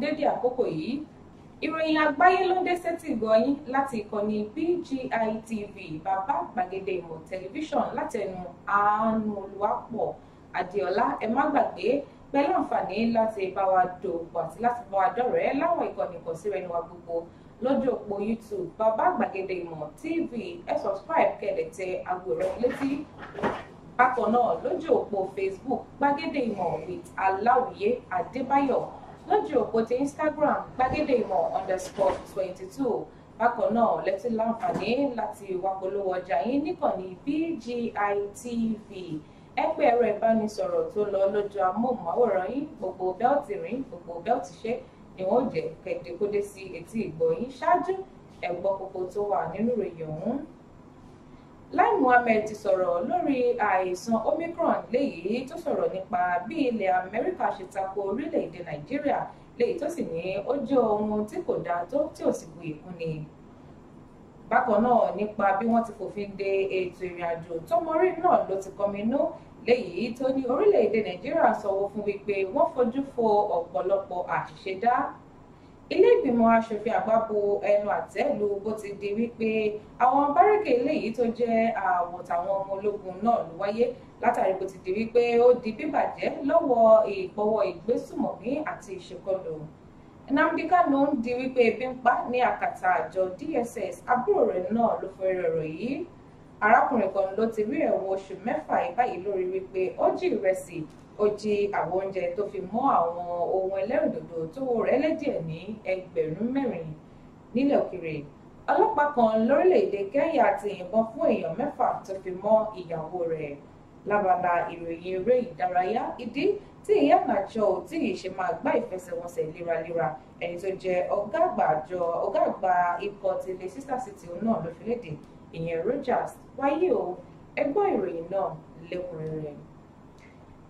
dédé àkókò yìí ìròyìn àgbáyé ló ń dé sétí gọyín láti ìkànnì BGI TV bàbá gbàgede ìmọ̀ tẹlifíṣọ̀n látẹnu àánú olùwàpọ̀ adéọlá ẹ má gbàgbé pẹ̀lú àǹfààní láti bá wa dòwò àti láti bá wa dọ̀rẹ́ láwọn ìkànnì ìkànsíwẹ̀ẹ́nu wa gbogbo lójú òpó youtube bàbá gbàgede ìmọ̀ tv ẹ e subscribe kẹ̀dẹ̀ tẹ aago rẹ létí bákan náà lójú òpó facebook gbàgede ìmọ̀ with aláwìyé adébáyọ̀ lójú òpó ti instagram gbàgede ìmọ̀ underscore twenty two bákan náà lẹ́tí láǹfààní láti wá polówó ọjà yín níkànnì BGI TV ẹgbẹ́ ẹ̀rọ ìbánisọ̀rọ̀ tó lọ lójú amóhùnmáwòrán yín gbogbo bẹ́ẹ̀tì rìn gbogbo bẹ́ẹ̀tì ṣe ni wọ́n jẹ́ kẹ̀dẹ́kódé sí etí ìgbọ́ yín ṣáájú ẹ̀gbọ́n gbogbo tó wà nínú ìròyìn ọ̀hún Lai Mohammed ti sọ̀rọ̀ lórí àìsàn Omicron léyìí tó sọ̀rọ̀ nípa bí ilẹ̀ Amẹ́ríkà ṣe tako orílẹ̀-èdè Nàìjíríà léyìí tó sì ní ó jẹ́ ohun tí kò dáa tó tí ò sì bu ìkún ni. Bákan náà nípa bí wọ́n ti fòfin de ètò ìrìnàjò tó mọ́rí náà ló ti kọminú léyìí tó ní orílẹ̀-èdè Nàìjíríà sọ̀wọ́ fún wípé wọ́n fojú fo ọ̀pọ̀lọpọ̀ àṣìṣe dá ilé ìgbìmọ̀ aṣòfin àgbà bo ẹnu àtẹ́ lu bó ti di wípé àwọn bárẹ́kè eléyìí tó jẹ́ àwọn tàwọn ọmọ ológun náà ló wáyé látàrí bó ti di wípé ó di bíbàjẹ́ lọ́wọ́ ìpọwọ́ ìgbésùmọ̀mí àti ìṣekọlù Nnamdi Kanu ń di wípé ebi ń pa ní àkàtà àjọ DSS àbúrò rẹ̀ náà ló fẹ́ rọ̀rọ̀ yìí arákùnrin kan ló ti rí ẹ̀wọ̀n oṣù mẹ́fà báyìí lórí wípé ó jí ìrẹsì ó jí àwọn oúnjẹ tó fi mọ́ àwọn ohun ẹlẹ́rìndòdò tówó rẹ̀ lé díẹ̀ ní ẹgbẹ̀rún mẹ́rin nílẹ̀ òkèrè ọlọ́pàá kan lórílẹ̀‐èdè Kẹ́ńyà ti yìnbọn fún èèyàn mẹ́fà tó fi mọ́ ìyàwó rẹ̀ lábala ìròyìn eré ìdárayá ìdí tí ìyáàna àjọ ò tí ì ṣe máa gbá ìfẹsẹ̀wọnsẹ̀ léraléra ẹni tó jẹ ọ̀gá àgbà àjọ ọ̀gá àgbà ikọ̀ ti lè Leicester City náà ló fi léde ìyẹn Rogers wáyé o ẹ ìròyìn náà lẹ́kùnrẹ́rẹ́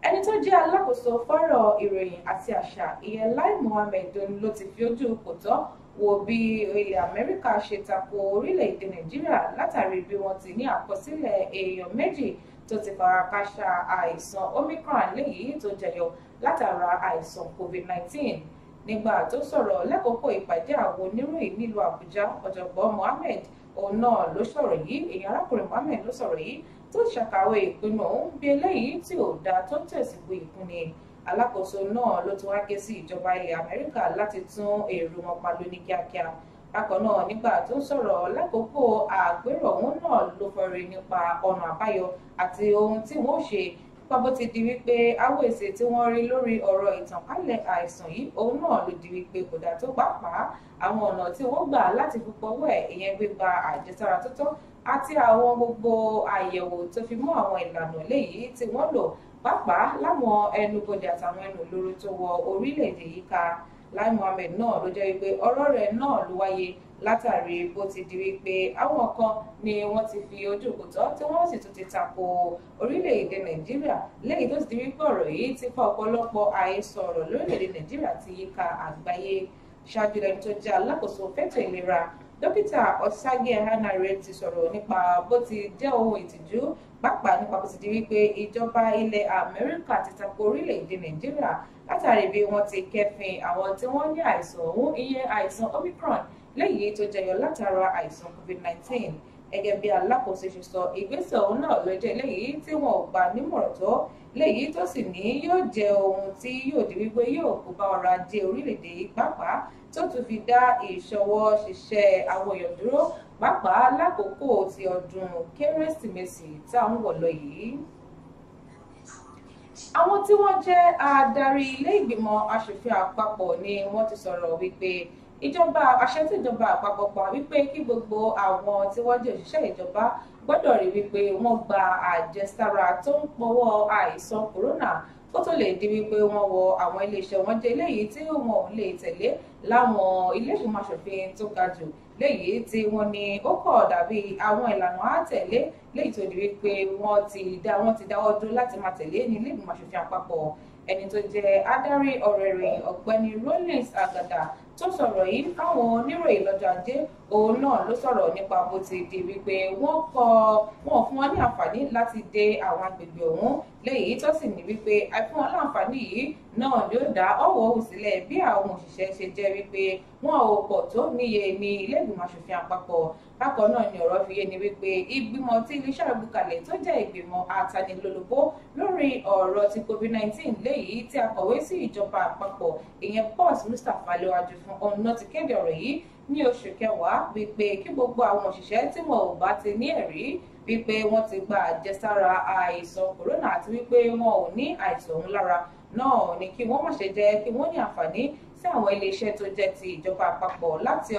ẹni tó jẹ́ alákòóso fọ́rọ̀ ìròyìn àti àṣà ìyẹn Lai Mohammed Doyin ló ti fi ojú kò tọ́ wo bí ilẹ̀ Amẹ́ríkà ṣe tako orílẹ̀-èdè Nàìjíríà látàrí bí wọ́n ti ní àkọsílẹ̀ èèyàn méjì tó ti fara káṣá àìsàn Omicron léyìí tó jẹyọ látara àìsàn COVID-19 nígbà tó sọ̀rọ̀ lẹ́kọ̀ọ́kọ́ ìpàdé àwọn oníròyìn nílùú Àbújá ọ̀jọ̀gbọ́n Mohammed òun náà ló sọ̀rọ̀ yìí èèyàn arákùnrin Mohammed ló sọ̀rọ̀ yìí tó ṣàkàwé ìpinnu ọ̀hún bí eléyìí tí ò dáa tó tẹ̀síwò ìkúnni alákòóso náà ló ti wá ké sí ìjọba ilẹ̀ amẹ́ríkà láti tún èrò wọn pa lóní kíákíá bákan náà nígbà tó ń sọ̀rọ̀ lákòókò àpérò ọ̀hún náà ló fọre nípa ọ̀nà àbáyọ àti ohun tí wọ́n ṣe nípa bó ti di wípé àwọn èsì tí wọ́n rí lórí ọ̀rọ̀ ìtànkálẹ̀ àìsàn yìí òun náà ló di wípé kò dà tó pàápàá àwọn ọ̀nà tí wọ́n gbà láti fi pọ̀wọ́ ẹ̀ ìyẹn gbígba àjẹsára tó tọ́ àti àwọn gbogbo àyẹ̀wò tó fi mọ́ àwọn ìlànà léyìí tí wọ́n lò pàápàá láwọn ẹnubodè àtàwọn ẹnu olóró tó wọ orílẹ̀-èdè yìí ká Lai Mohammed náà ló jẹ́ wípé ọ̀rọ̀ rẹ̀ náà ló wáyé látàrí bó ti di wípé àwọn kan ni wọ́n ti fi ojú kòtọ́ tí wọ́n sì tún ti tako orílẹ̀-èdè Nàìjíríà lẹ́yìn tó ti di wípé ọ̀rọ̀ yìí ti fa ọ̀pọ̀lọpọ̀ àhesọ ọ̀rọ̀ lórílẹ̀-èdè Nàìjíríà ti yíká àgbáyé ṣáájú lẹ́ni tó jẹ́ alákòóso fẹ́tọ̀ ìlera dókítà ọ̀ságé ẹ̀hánàrè ti sọ̀rọ̀ nípa bó ti jẹ́ ohun ìtìjú pàápàá nípa bó ti di wípé ìjọba ilẹ̀ amẹ́ríkà ti tako orílẹ̀-èdè nàìjíríà látàrí bí wọ́n ti kẹ́fìn àwọn tí wọ́n ní àìsàn ọ̀hún ìyẹn àìsàn omicron léyìí tó jẹyọ látara àìsàn covid-19 gẹ́gẹ́ bí alákòóso ṣe sọ ìgbésẹ̀ ọ̀hún náà ló jẹ́ léyìí tí wọn ò gbà nímọ̀ràn tó léyìí tó sì ní yóò jẹ́ ohun tí yóò di wípé yóò kó bá ọrọ̀ ajé orílẹ̀-èdè yìí tó tún fi dá ìṣọwọ́ ṣiṣẹ́ àwọn èèyàn dúró pàápàá lákòókò ti ọdún kérésìmesì tá à ń wọ̀ lọ yìí àwọn tí wọ́n jẹ́ adarí ilé ìgbìmọ̀ asòfin àpapọ̀ ni wọ́n ti sọ̀rọ̀ wípé ìjọba àṣẹ tí ìjọba àpapọ̀ pa wípé kí gbogbo àwọn tí wọ́n jẹ́ òṣìṣẹ́ ìjọba gbọ́dọ̀ rí wípé wọ́n gba àjẹsára tó ń pọwọ́ àìsàn kòrónà ó tó lè di wípé wọ́n wọ àwọn iléeṣẹ́ wọn jẹ léyìí tí wọn ò lè tẹ̀lé láwọn iléèṣùmọ̀ aṣòfin tó ga jù léyìí tí wọ́n ní ó kọ̀ dàbí àwọn ìlànà àtẹ̀lé léyìí tó di wípé wọ́n ti dá wọ́n ti dáwọ́ dúró láti máa tẹ̀lé ní ilé aṣòfin àpapọ̀ ẹni tó jẹ́ adarí ọ̀rẹ́ rẹ̀ ọ̀gbẹ́ni Rollins Agada tó sọ̀rọ̀ yìí fáwọn oníròyìn lọ́jọ́ ajé òun náà ló sọ̀rọ̀ nípa bó ti di wípé wọ́n kọ wọn fún wọn ní àǹfààní láti dé àwọn agbègbè ọ̀hún léyìí tó sì ní wípé àìfún wọn láǹfààní yìí náà yóò dá ọ̀wọ̀ òhùn sílẹ̀ bí àwọn òṣìṣẹ́ ṣe jẹ́ wípé wọn ò pọ̀ tó níye ní ilé ìgbìmọ̀ aṣòfin àpapọ̀ bákan náà ni ọ̀rọ̀ fi yé ni wípé ìgbìmọ̀ tí iléeṣẹ́ rẹ̀ gbùkalẹ̀ tó jẹ́ ìgbìmọ̀ àtanilólobó lórí ọ̀rọ̀ ti covid-19 léyìí tí akọ̀wé sí ìjọba àpapọ̀ ìyẹn Boss Mustapha Léwájú f fún ọ̀nà ti kéde ọ̀rọ̀ yìí ní oṣù kẹwàá wípé kí gbogbo àwọn òṣìṣẹ́ tí wọn ò bá ti ní ẹ̀rí wípé wọ́n ti gba àjẹsára àìsàn kòrónà àti wípé wọn ò ní àìsàn ọ̀hún lára náà ni kí wọ́n má ṣe jẹ́ kí wọ́n ní àǹfààní sí àwọn iléeṣẹ́ tó jẹ́ ti ìjọba àpapọ̀ láti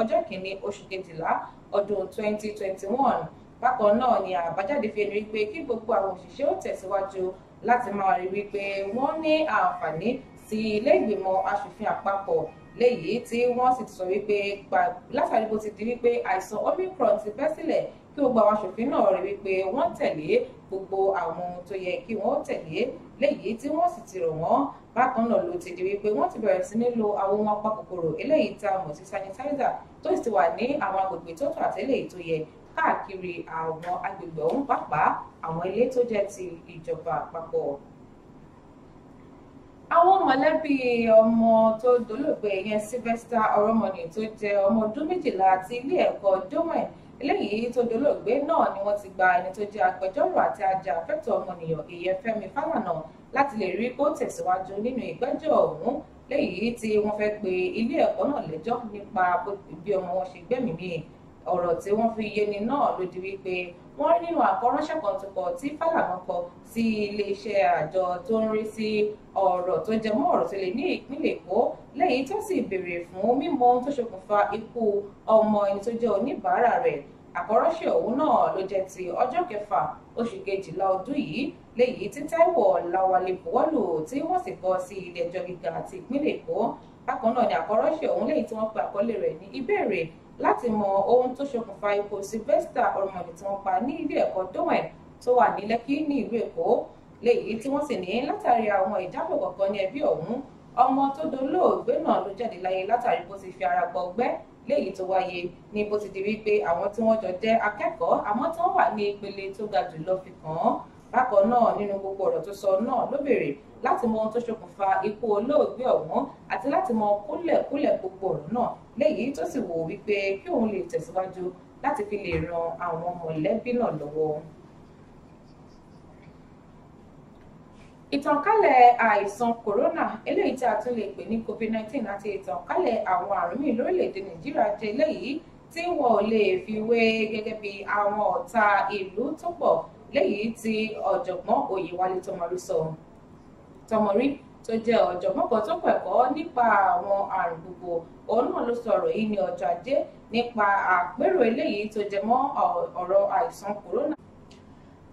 ọjọ́ kìíní oṣù kejìlá ọdún 2021 bákan náà ni àbájáde fi ẹnu wípé kí gbogbo àwọn òṣìṣẹ́ ó tẹ̀síwájú láti máa rí wípé wọ́n ní àǹfààní ti ilé ìgbìmọ̀ asòfin àpapọ̀ léyìí tí wọ́n sì ti sọ wípé látàrí bó ti di wípé àìsàn omicron ti bẹ́ sílẹ̀ kí gbogbo àwọn asòfin náà rí wípé wọ́n tẹ̀lé gbogbo àwọn ohun tó yẹ kí wọ́n tẹ̀lé léyìí tí wọ́n sì ti rọ̀ wọ́n bákan náà ló ti di wípé wọ́n ti bẹ̀rẹ̀ sí ní lo àwọn ohun apakòkòrò eléyìí tá a mọ̀ sí sanitizer tó sì ti wà ní àwọn agbègbè tó tó àtẹ́lẹ̀ tó yẹ káàkiri àwọn agbègbè ọ̀hún pàápàá àwọn ilé tó jẹ́ ti ìjọba àpapọ̀ àwọn mọ̀lẹ́bí ọmọ tó dolóògbé yẹn Sylvester Oromoni tó jẹ́ ọmọ ọdún méjìlá àti ilé ẹ̀kọ́ domain eléyìí tó dolóògbé náà ni wọ́n ti gba ẹni tó jẹ́ agbẹjọ́rò àti ajàfẹ́tọ̀ọ́ ọmọnìyàn ìyẹn Fẹ́mi Fálànà láti lè rí kó tẹ̀síwájú nínú ìgbẹ́jọ́ ọ̀hún léyìí tí wọ́n fẹ́ pe ilé ẹ̀kọ́ náà lẹ́jọ́ nípa bí ọmọ wọn ṣe gbẹ́mìí mi ọ̀rọ̀ tí wọ́n fi yéni náà ló wípé wọ́n rí nínú àkọ́ránṣẹ́ kan tó kọ tí Fálànà kọ sí iléeṣẹ́ àjọ tó ń rí sí ọ̀rọ̀ tó jẹ mọ́ ọ̀rọ̀ tó lè ní ìpínlẹ̀ Èkó lẹ́yìn tó sì béèrè fún mímọ̀ ohun tó ṣokùnfà ikú ọmọ ẹni tó jẹ́ oníbàárà rẹ̀ àkọ́ránṣẹ́ òun náà ló jẹ́ ti ọjọ́ kẹfà oṣù kejìlá ọdún yìí léyìí tí Táíwò Ọláwálé buwọ́lù tí wọ́n sì kọ sí ilé ẹjọ́ gíga ti ìpínlẹ̀ Èkó bákan náà ni àkọ́ránṣẹ́ òun léyìí tí wọ́n pe àkọlé rẹ̀ ní ìbéèrè láti mọ ohun tó ṣokùnfà ikú Sylvester Oromoni tí wọ́n pa ní ilé ẹ̀kọ́ dowen tó wà ní Lẹ́kì ní ìlú Èkó léyìí tí wọ́n sì ní látàrí àwọn ìjábọ̀ kọ̀ọ̀kan ní ẹbí ọ̀hún ọmọ tó dolóògbé náà ló jáde láyé látàrí bó ti fi ara gbọ́ ọgbẹ́ léyìí tó wáyé ní bó ti di wípé àwọn tí wọ́n jọ jẹ́ akẹ́kọ̀ọ́ àmọ́ tí wọ́n wà ní ìpele tó ga jù lọ fi kàn án bákan náà nínú gbogbo ọ̀rọ̀ tó sọ náà ló béèrè láti mọ ohun tó ṣokùnfà ikú olóògbé ọ̀hún àti láti mọ kúlẹ̀kúlẹ̀ gbogbo ọ̀rọ̀ náà léyìí tó sì wò wípé kí òun lè tẹ̀síwájú láti fi lè ran àwọn mọ̀lẹ́bí náà lọ́wọ́. ìtànkálẹ̀ àìsàn corona eléyìí tí a tún lè pè ní covid-19 àti ìtànkálẹ̀ àwọn àrùn míì lórílẹ̀‐èdè nàìjíríà jẹ́ eléyìí tí wọn ò lè fi wé gẹ́gẹ́ bí àwọn ọ̀tá ìlú tó pọ̀ léyìí tí ọ̀jọ̀gbọ́n Oyèwálé Tọmọrí sọ Tọmọrí tó jẹ́ ọ̀jọ̀gbọ́n kan tó kẹ́kọ̀ọ́ nípa àwọn àrùn gbogbo òun náà ló sọ̀rọ̀ yìí ní ọjọ́ ajé nípa àpérò eléyìí tó jẹ mọ́ ọ̀rọ̀ àìsàn kòrónà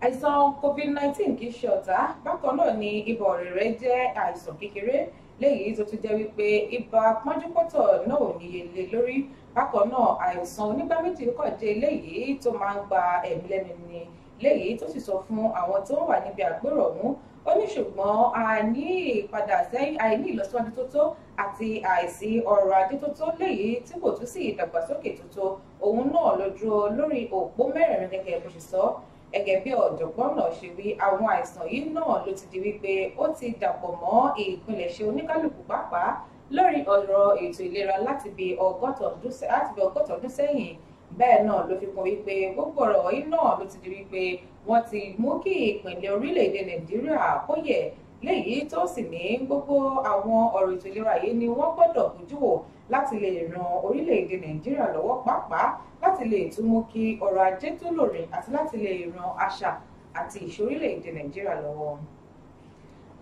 àìsàn covid-19 kì í ṣe ọ̀tá bákan náà ni ibà ọ̀rẹ̀rẹ̀ jẹ́ àìsàn kékeré léyìí tó tún jẹ́ wípé ibà pọ́njúpọ́tọ̀ náà ò níye lé lórí bákan náà àìsàn onígbà méjì kọ̀ jẹ́ léyìí tó máa ń gba ẹ̀mí lẹ́nu ni léyìí tó sì sọ fún àwọn tó wà níbi àpérò ọ̀hún ó ní ṣùgbọ́n àìní ìpadà sẹ́yìn àìní ìlọsíwájú tó tó àti àìsí ọrọ̀ ajé tó tó léyìí tí kò tún sí ìdàgbàsókè tó tó òun náà ló dúró lórí òpó mẹ́rẹ̀ẹ̀rin gẹ́gẹ́ bó ṣe sọ gẹ́gẹ́ bí ọ̀jọ̀gbọ́n náà ṣe wí àwọn àìsàn yìí náà ló ti di wípé ó ti dàpọ̀ mọ́ ìpilẹ̀ṣẹ̀ oníkálukú pàápàá lórí ọ̀rọ̀ ètò ìlera láti bí ọgọ́ta ọdún sẹ́yìn bẹ́ẹ̀ náà ló fi kún wípé gbogbo ọ̀rọ̀ yìí náà ló ti di wípé wọ́n ti mú kí ìpínlẹ̀ orílẹ̀-èdè nàìjíríà kó yẹ̀ léyìí tó sì ní gbogbo àwọn ọ̀rọ̀ ètò ìlera yìí ni wọ́n gbọ́dọ̀ bójú wò láti lè ran orílẹ̀-èdè nàìjíríà lọ́wọ́ pàápàá láti lè tún mú kí ọrọ̀ ajé tó lòrìn àti láti lè ran àṣà àti ìṣorílẹ̀-èdè nàìjíríà lọ́wọ́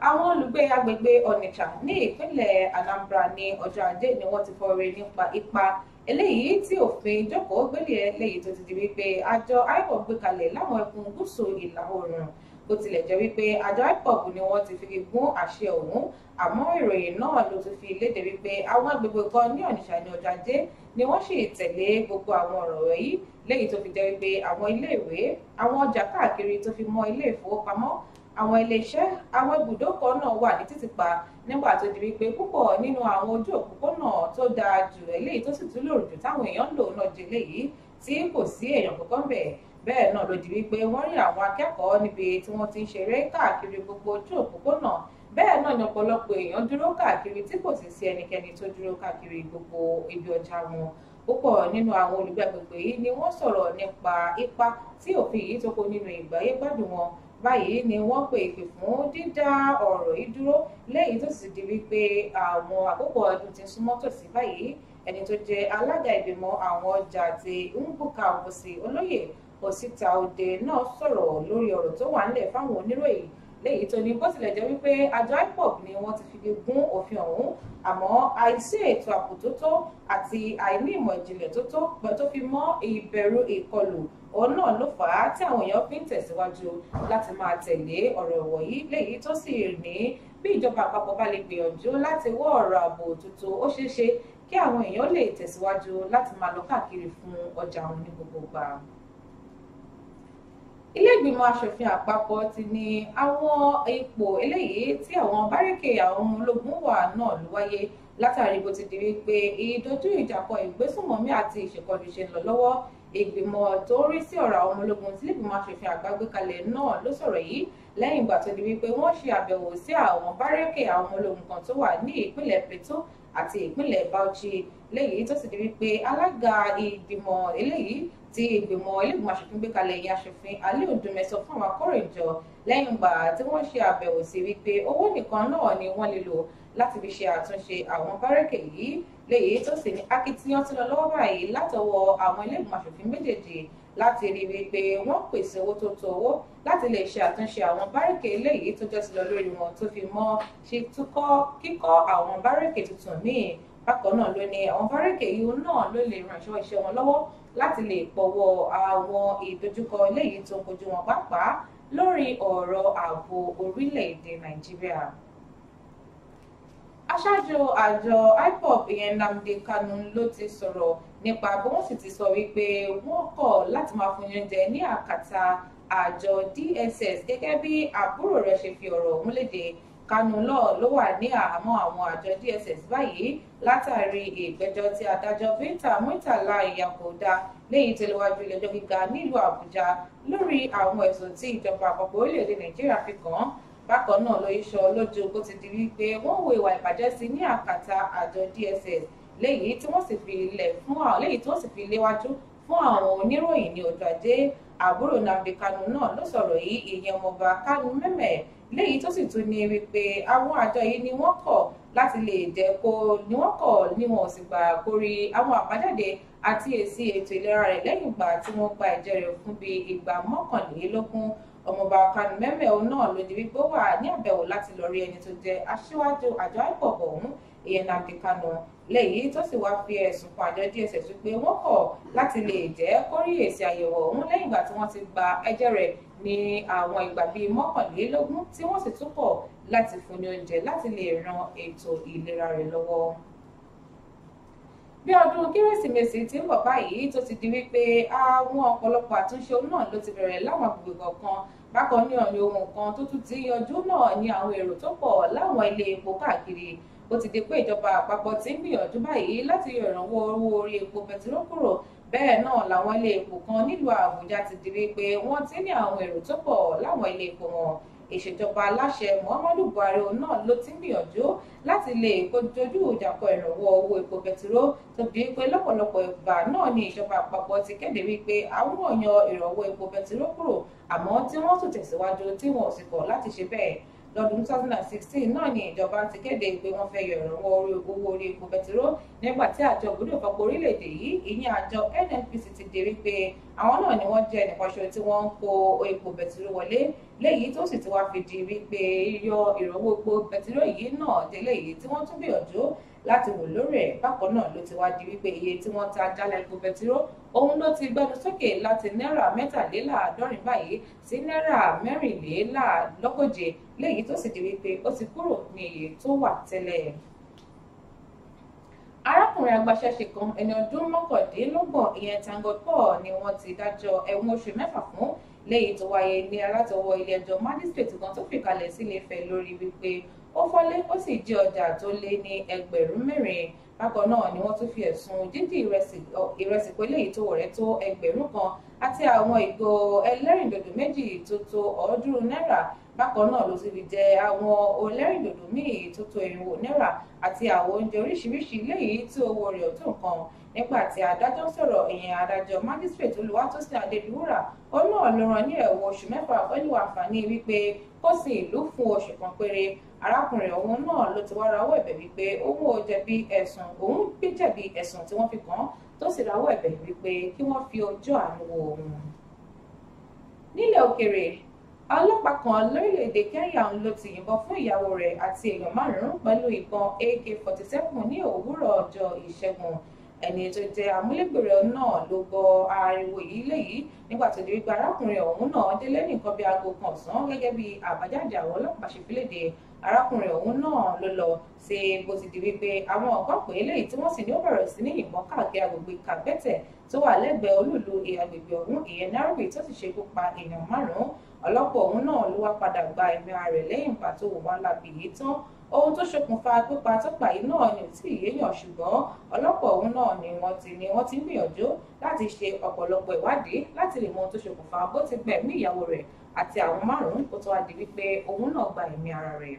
àwọn olùgbé agbègbè Onitsha ní ìpínlẹ̀ Anambra ní ọjọ́ ajé ni wọ́n ti fọre nípa ipa eléyìí tí òfin jókòó gbélé eléyìí tó ti di wípé àjọ ipob gbé kalẹ̀ láwọn ẹkùn gúúsù ìlà oòrùn bó tilẹ̀ jẹ́ wípé àjọ ipob ni wọ́n ti fi gún àṣẹ ọ̀hún àmọ́ ìròyìn náà ló ti fi léde wípé àwọn agbègbè kan ní Onitsha ní ọjọ́ ajé ni wọ́n sì tẹ̀lé gbogbo àwọn ọ̀rọ̀ yìí léyìí tó fi jẹ́ wípé àwọn iléèwé àwọn ọjà káàkiri tó fi mọ́ ilé ìfowópamọ́ àwọn iléeṣẹ́ àwọn ibùdókọ̀ náà wà ní títìpa nígbà tó di wípé púpọ̀ nínú àwọn ojú òpópónà tó dáa jù eléyìí tó sì tún lòrò jù táwọn èèyàn ń lò náà di eléyìí tí kò sí èèyàn kankan bẹ́ẹ̀ bẹ́ẹ̀ náà ló di wípé wọ́n rí àwọn akẹ́kọ̀ọ́ níbi tí wọ́n ti ń ṣeré káàkiri gbogbo ojú òpópónà bẹ́ẹ̀ náà ni ọ̀pọ̀lọpọ̀ èèyàn dúró káàkiri tí kò sì sí ẹnikẹ́ni tó dúró káàkiri gbogbo ibi ọjà wọn púpọ̀ nínú àwọn olùgbàgbègbè yìí ni wọ́n sọ̀rọ̀ nípa ipa tí òfin yìí tó kó nínú ìgbáyé gbádùn wọn báyìí ni wọ́n pe ìpè fún dídá ọ̀rọ̀ yìí dúró lẹ́yìn tó sì di wípé àwọn àkókò ọdún ti súnmọ́ tòsí báyìí ẹni tó jẹ alága ìgbìmọ̀ àwọn ọjà àti ngbuka òbòsì olóyè òsìta òde náà sọ̀rọ̀ lórí ọ̀rọ̀ tó wà nílẹ̀ fáwọn oníròyìn léyìí tó ní bó tilẹ̀ jẹ́ wípé àjọ ipob ni wọ́n ti fi gún òfin ọ̀hún àmọ́ àìsí ètò ààbò tó tó àti àìní ìmọ̀ ìjìnlẹ̀ tó tó pẹ̀ tó fi mọ́ ìbẹ̀rù ìkọlù òun náà ló fà á tí àwọn èèyàn fi ń tẹ̀síwájú láti máa tẹ̀lé ọ̀rọ̀ wọ̀nyí léyìí tó sì ní bí ìjọba àpapọ̀ bá lè gbìyànjú láti wọ́ ọ̀rọ̀ ààbò tuntun ó ṣeé ṣe kí àwọn èèyàn lè tẹ̀síwájú láti máa lọ káàkiri fún ọjà wọn ní gbogbo gbà. ilé ìgbìmọ̀ asòfin àpapọ̀ ti ní àwọn ipò eléyìí tí àwọn báríkè àwọn ọmọ ológun wà náà ló wáyé látàrí bó ti di wípé ìdojú ìjàpọ̀ ìgbésùnmọ̀mí àti ìṣèkọlù ṣe ń lọ lọ́wọ́ ìgbìmọ̀ tó ń rí sí ọ̀rọ̀ àwọn ọmọ ológun tí lẹ́gbìmọ̀ aṣòfin àgbà gbé kalẹ̀ náà ló sọ̀rọ̀ yìí lẹ́yìn ìgbà tó di wípé wọ́n ṣe àbẹ̀wò sí àwọn bárẹ́kẹ̀ àwọn ọmọ ológun kan tó wà ní ìpínlẹ̀ Plateau àti ìpínlẹ̀ Bauchi léyìí tó sì di wípé alága ìgbìmọ̀ eléyìí ti ìgbìmọ̀ ilégbìmọ̀ aṣòfin gbé kalẹ̀ ìyá aṣòfin Aliu Ndume sọ fún àwọn akọ̀ròyìnjọ lẹ́yìn ìgbà tí wọ́n ṣe àbẹ̀wò sí wípé owó nìkan náà ni wọ́n lè lò láti fi ṣe àtúnṣe àwọn bárẹ́kẹ̀ yìí léyìí tó sì ní akitiyan ti lọ lọ́wọ́ báyìí látọwọ́ àwọn ilégbìmọ̀ aṣòfin méjèèjì láti rí i pé wọ́n pèsè owó tó tó owó láti lè ṣe àtúnṣe àwọn bárẹ́kẹ̀ léyìí tó jẹ́ ti lọ lórí wọn tó fi mọ́ ṣe túkọ́ kíkọ́ àwọn bárẹ́kẹ̀ tuntun míì bákan náà ló ní àwọn bárẹ́kẹ̀ yìí náà ló lè ran ìṣọ́ iṣẹ́ wọn lọ́wọ́ láti lè pọ̀wọ́ àwọn ìdojúkọ léyìí tó kojú wọn pàápàá lórí ọ̀rọ̀ ààbò orílẹ̀-èdè Nàìjíríà aṣáájú àjọ ipob ìyẹn Nnamdi Kanu ló ti sọ̀rọ̀ nípa bí wọ́n sì ti sọ wípé wọ́n kọ̀ láti máa fún oúnjẹ ní àkàtà àjọ DSS gẹ́gẹ́ bí àbúrò rẹ̀ ṣe fi ọ̀rọ̀ ọ̀hún léde Kanu lọ́ọ̀ ló wà ní àhámọ́ àwọn àjọ DSS báyìí látàrí ìgbẹ́jọ́ tí adájọ́ Binta Muitala Iyakoda léyìí tó léwájú ilé ẹjọ́ gíga nílùú Àbújá lórí àwọn ẹ̀sùn tí ìjọba àpapọ̀ orílẹ̀-èdè Nàìjíríà fi kàn án bákan náà lóyíṣọ lójú kó ti di wípé wọ́n wo ìwà ìbàjẹ́ sí ní àkàtà àjọ DSS léyìí tí wọ́n sì fi lẹ̀ fún àwọn léyìí tí wọ́n sì fi léwájú fún àwọn oníròyìn ní ọjọ́ ajé àbúrò Nnamdi Kanu náà ló sọ̀rọ̀ yìí ìyẹn ọmọọba Kanu mẹ́mẹ́ léyìí tó sì tún ní wípé àwọn àjọ yìí ni wọ́n kọ̀ láti lè jẹ́ kó ni wọ́n kọ̀ ni wọ́n sì gbà kórí àwọn àbájáde àti èsì ètò ìlera rẹ̀ lẹ́yìn ìgbà tí wọ́n gba ẹ̀jẹ̀ rẹ̀ fún bíi ìgbà mọ́kànlélógún ọmọọba kanu mẹ́mẹ́ òun náà ló di wípé ó wà ní àbẹ̀wò láti lọ rí ẹni tó jẹ́ aṣíwájú àjọ IPOB ọ̀hún ìyẹn Nnamdi Kanu léyìí tó sì wá fi ẹ̀sùn kan àjọ DSS pé wọ́n kọ̀ láti lè jẹ́ kórí èsì àyẹ̀wò ọ̀hún lẹ́yìn ìgbà tí wọ́n ti gba ẹ̀jẹ̀ rẹ̀ ní àwọn ìgbà bíi mọ́kànlélógún tí wọ́n sì tún kọ̀ láti fún ní oúnjẹ láti lè ran ètò ìlera rẹ̀ lọ́wọ́ bí ọdún kérésìmesì ti ń bọ̀ báyìí tó ti di wípé àwọn ah, ọ̀pọ̀lọpọ̀ àtúnṣe náà ló ti bẹ̀rẹ̀ láwọn agbègbè kọ̀ọ̀kan bákan náà ni ohun kan tó tún ti yanjú náà ni àwọn èrò tó pọ̀ láwọn ilé epo káàkiri ó ti di pé ìjọba àpapọ̀ ti ń gbìyànjú báyìí láti yọ ìrànwọ́ owó orí epo bẹtiró kúrò bẹ́ẹ̀ náà làwọn ilé epo kan nílùú àbújá ti di wípé wọ́n ti ní àwọn èrò tó pọ̀ láwọn ilé epo wọn ìṣèjọba aláṣẹ muhammadu buhari òun náà ló ti ń gbìyànjú láti lè kojú ìjàkọ ìrànwọ́ owó epo bẹtiró tó di wípé lọ́pọ̀lọpọ̀ ìgbà náà ni ìjọba àpapọ̀ ti kéde wípé àwọn èèyàn ìrànwọ́ epo bẹtiró kúrò àmọ́ tí wọ́n tún tẹ̀síwájú tí wọn ò sì kọ̀ láti ṣe bẹ́ẹ̀ lọ́dún 2016 náà ni ìjọba ti kéde pé wọ́n fẹ́ yọ ìrànwọ́ orí owó orí epo bẹtiró nígbà tí àjọ ògbódò fọpọ̀ orílẹ̀-èdè yìí ìyẹn àjọ NNPC ti dérí pé àwọn náà ni wọ́n jẹ́ ẹnìkanṣo tí wọ́n ń kó epo bẹtiró wọlé léyìí tó sì ti wá fi di wípé yíyọ ìrànwọ́ epo bẹtiró yìí náà délé yìí tí wọ́n tún gbìyànjú láti wò lórí ẹ̀ bákan náà ló ti wá di wípé iye tí wọ́n ta jálẹ̀ epo bẹtiró òun ló ti gbẹnu sókè láti náírà mẹ́tàléláàádọ́rin báyìí sí náírà mẹ́rìnléláàádọ́gọ́je léyìí tó sì di wípé ó ti kúrò ní iye tó wà tẹ́lẹ̀ arákùnrin agbaṣẹ́ṣe kan ẹni ọdún mọ́kàndínlọ́gbọ̀n ìyẹn Tango Paul ni wọ́n ti dájọ́ ẹ̀wọ̀n oṣù mẹ́fà fún lẹ́yìn tó wáyé ní alátọwọ́ ilé ẹjọ́ májísírèètì kan tó fìkalẹ̀ sílé Ifẹ̀ lórí wípé ó fọ́lé ó sì jí ọjà tó lé ní ẹgbẹ̀rún mẹ́rin bákan náà ni wọ́n tún fi ẹ̀sùn dídì ìrẹsì pé léyìí tó rẹ̀ tó ẹgbẹ̀rún kan àti àwọn ìgò ẹlẹ́rìndòdò méjì tó tó ọ̀ọ́dúnrún náírà bákan náà ló ti fi jẹ àwọn olẹ́rìndòdò míì tó irinwó náírà àti àwọn oúnjẹ oríṣiríṣi léyìí tí owó rẹ̀ ò tó nǹkan nígbà tí adájọ́ sọ̀rọ̀ ìyẹn adájọ́ májísírètì olùwàtòsìn adédúwúrà ó náà ló ní ẹ̀wọ̀n oṣù mẹ́fà pẹ̀lú àǹfààní wípé kó sì ìlú fún oṣù kan péré arákùnrin ọ̀hún náà ló ti wá rawọ́ ẹ̀bẹ̀ wípé òun jẹ̀bi ẹ̀sùn òun bí jẹ̀bi ẹ̀sùn tí wọ́n fi kàn án tó sì rawọ́ ẹ̀bẹ̀ wípé kí wọ́n fi ojú àánú wo òun. nílẹ̀ òkèrè ọlọ́pàá kan lórílẹ̀‐èdè Kenya ló ti yìnbọn fún ìyàwó rẹ̀ àti èèyàn márùn-ún pẹ̀lú ìbọn AK-47 ní òwúrọ̀ ọjọ́ ìṣẹ́gun ẹni tó jẹ́ amúlégbèrè náà ló gbọ́ ariwo yìí léyìí nígbà tó di wípé arákùnrin ọ̀hún náà délé ní nǹkan bí aago kan ọ̀sán gẹ́gẹ́ bí àbájáde àwọn ọlọ́pàá ṣe fìlédè arákùnrin ọ̀hún náà ló lọ ṣe bó ti di wípé àwọn ọ̀gọ́ pé léyìí tí wọ́n sì ní ó bẹ̀rẹ̀ sí ní yìnbọn káàkiri agbègbè kàgbẹ́tẹ̀ tó wà lẹ́gbẹ̀ẹ́ olúùlú agbègbè ọ̀hún ìyẹn Nairobi tó sì ṣekú pa èèyàn márùn-ún ọlọ́pọ̀ ọ̀hún náà ló wá padà gba ẹ̀mí ara rẹ̀ lẹ́yìn ìgbà tó wò wọ́n lábì yìí tán ohun tó ṣokùnfà pípa tó pàyí náà ni ò tí ì yéèyàn ṣùgbọ́n ọlọ́pọ̀ ọ̀hún náà ni wọ́n ti ni wọ́n ti ń gbìyànjú láti ṣe ọ̀pọ̀lọpọ̀ ìwádìí láti lè mọ ohun tó ṣokùnfà bó ti gbẹ̀mí ìyàwó rẹ̀ àti àwọn márùn-ún kó tó wá di wípé òun náà gba ẹ̀mí ara rẹ̀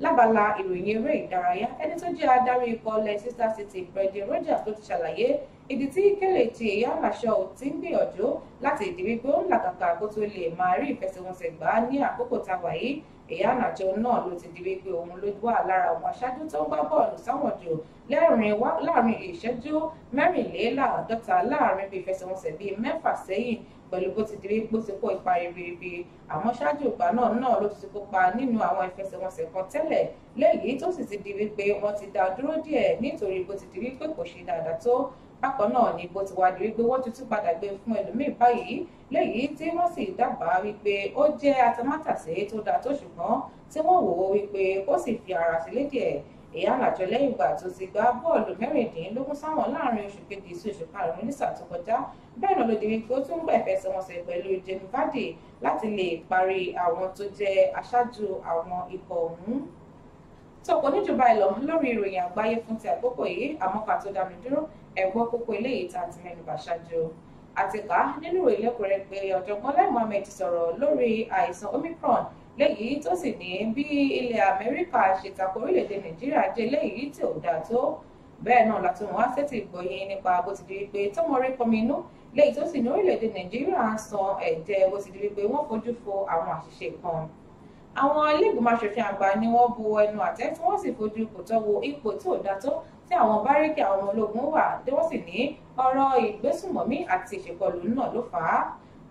lábala ìròyìn eré ìdárayá ẹni tó jẹ́ adarí ikọ̀ Leicester City Brendan Roger, tó ti ṣàlàyé ìdí tí Kelechi Iheanacho ti ń gbìyànjú láti ìdírí pé ó ń làkàkà kó tó lè máa rí ìfẹsẹ̀wọnsẹ̀ gbá ní àkókò tá a wà yìí Iheanacho náà ló ti dirí pé òun ló wà lára àwọn aṣáájú tó ń gbá bọ́ọ̀lù sáwọn jù láàrin ìṣẹ́jú mẹ́rìnléláàádọ́ta láàrin bí ìfẹsẹ̀wọnsẹ̀ bíi mẹ́fà sẹ́yìn pẹ̀lú bó ti di wípé ó ti kó ipa ribiribi àmọ́ ṣáájú ìgbà náà náà ló ti kópa nínú àwọn ìfẹsẹ̀wọnsẹ̀ kan tẹ́lẹ̀ léyìí tó sì ti di wípé wọ́n ti dá dúró díẹ̀ nítorí bó ti di wípé kò ṣe dáadáa tó bákan náà ni bó ti wá di wípé wọ́n tuntun padà gbé fún ẹlòmíì báyìí léyìí tí wọ́n sì dábàá wípé ó jẹ́ atamátàsé tó dáa tó ṣùgbọ́n tí wọ́n wò ó wípé ó sì fi ara sílé díẹ̀ Ìyá Ọ̀làjọ lẹ́yìn ìgbà tó ti gbá bọ́ọ̀lù mẹ́rìndínlógún sáwọn láàrin oṣù kejì sí oṣù karùn-ún nísà tó kọjá bẹ́ẹ̀ náà ló di wípé ó tún gbà ìfẹsẹ̀wọnsẹ̀ pẹ̀lú Jamie Vardy láti lè parí àwọn tó jẹ́ aṣáájú àwọn ikọ̀ ọ̀hún tó kò ní jù báyìí lọ lórí ìròyìn àgbáyé fún ti àkókò yìí àmọ́ pàtó dámi dúró ẹ̀gbọ́n kókó eléyìí tá a ti mẹ́nubà ṣáájú àtìkà nínú ìlẹ́kùnrin pé ọ̀jọ̀gbọ́n Lai Mohammed Omicron léyìí tó sì ní bí ilẹ̀ amẹ́ríkà ṣe tako orílẹ̀-èdè nàìjíríà jẹ́ léyìí tí ò dáa tó bẹ́ẹ̀ náà láti wọn á ṣètì gbọ̀yìn nípa bó ti di wípé tọ́mọ rí pọnminú léyìí tó sì ní orílẹ̀-èdè nàìjíríà ń san ẹ̀jẹ̀ bó ti di wípé wọ́n fojú fo àwọn àṣìṣe kan àwọn ilégbìmọ̀ aṣòfin àgbà ni wọ́n bu ẹnu àtẹ́ tí wọ́n sì fojú kò tọ́wọ́ ipò tí ò dáa tó tí àwọn báríkì àwọn ológun wà tí wọ́n sì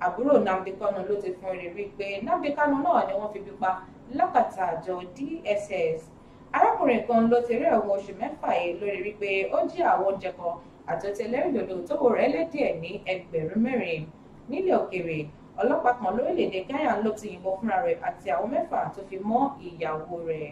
àbúrò Nnamdi Kanu ló ti fún rírí pé Nnamdi Kanu náà ni wọ́n fi bí pa lákàtà àjọ DSS arákùnrin kan ló ti rí ẹ̀wọ̀n oṣù mẹ́fà yìí lórí wípé ó jí àwọn oúnjẹ kan àtọ́tẹ lẹ́rìndòdò tó wò rẹ́ lé díẹ̀ ní ẹgbẹ̀rún mẹ́rin nílẹ̀ òkèèrè ọlọ́pàá kan lórílẹ̀ Kenya ló ti yìnbọn fúnra rẹ̀ àti àwọn mẹ́fà tó fi mọ́ ìyàwó rẹ̀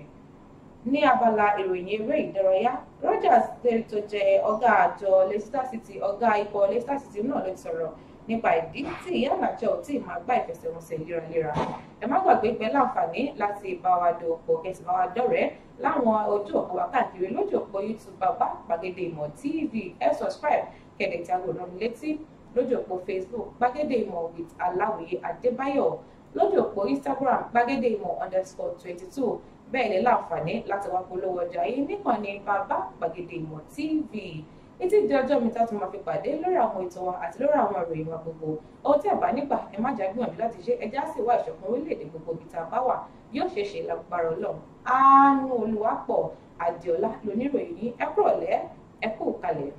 ní abala ìròyìn eré ìdárayá Rogers tó jẹ ọgá àjọ Leicester City ọgá ikọ̀ Leicester City náà ló ti sọ̀rọ̀ nípa ìdí tí ìyá alájà ò tí ì máa gbá ìfẹsẹ̀wọnsẹ̀ léraléra ẹ má gbàgbé pé láǹfààní láti bá wa dòpọ̀ kẹsì bá wa dọ̀rẹ́ láwọn ojú òpó wa káàkiri lójú òpó youtube bàbá gbàgede ìmọ̀ tv ẹ subscribe kẹ̀dẹ̀ tí a kò rán mi létí lójú òpó facebook gbàgede ìmọ̀ with aláwìyé adébáyọ̀ lójú òpó instagram gbàgede ìmọ̀ underscore twenty two bẹ́ẹ̀ ni láǹfààní láti wá polówó ọjà yìí níkànnì bàbá gbàgede ìmọ̀ tv títí di ọjọ́ mi tá a tún máa fi pàdé lórí àwọn ètò wa àti lórí àwọn ìròyìn wa gbogbo ohun tí ẹ bá nígbà ẹ má já gbìyànjú láti ṣe ẹjá sì wá ìṣọ̀kan orílẹ̀-èdè gbogbo ibi tá a bá wà yóò ṣeé ṣe lágbára Ọlọ́run àánú Olúwapọ̀ Adéọlá lóníròyìn ẹ kúrọ̀lẹ́ ẹ kú kalẹ̀.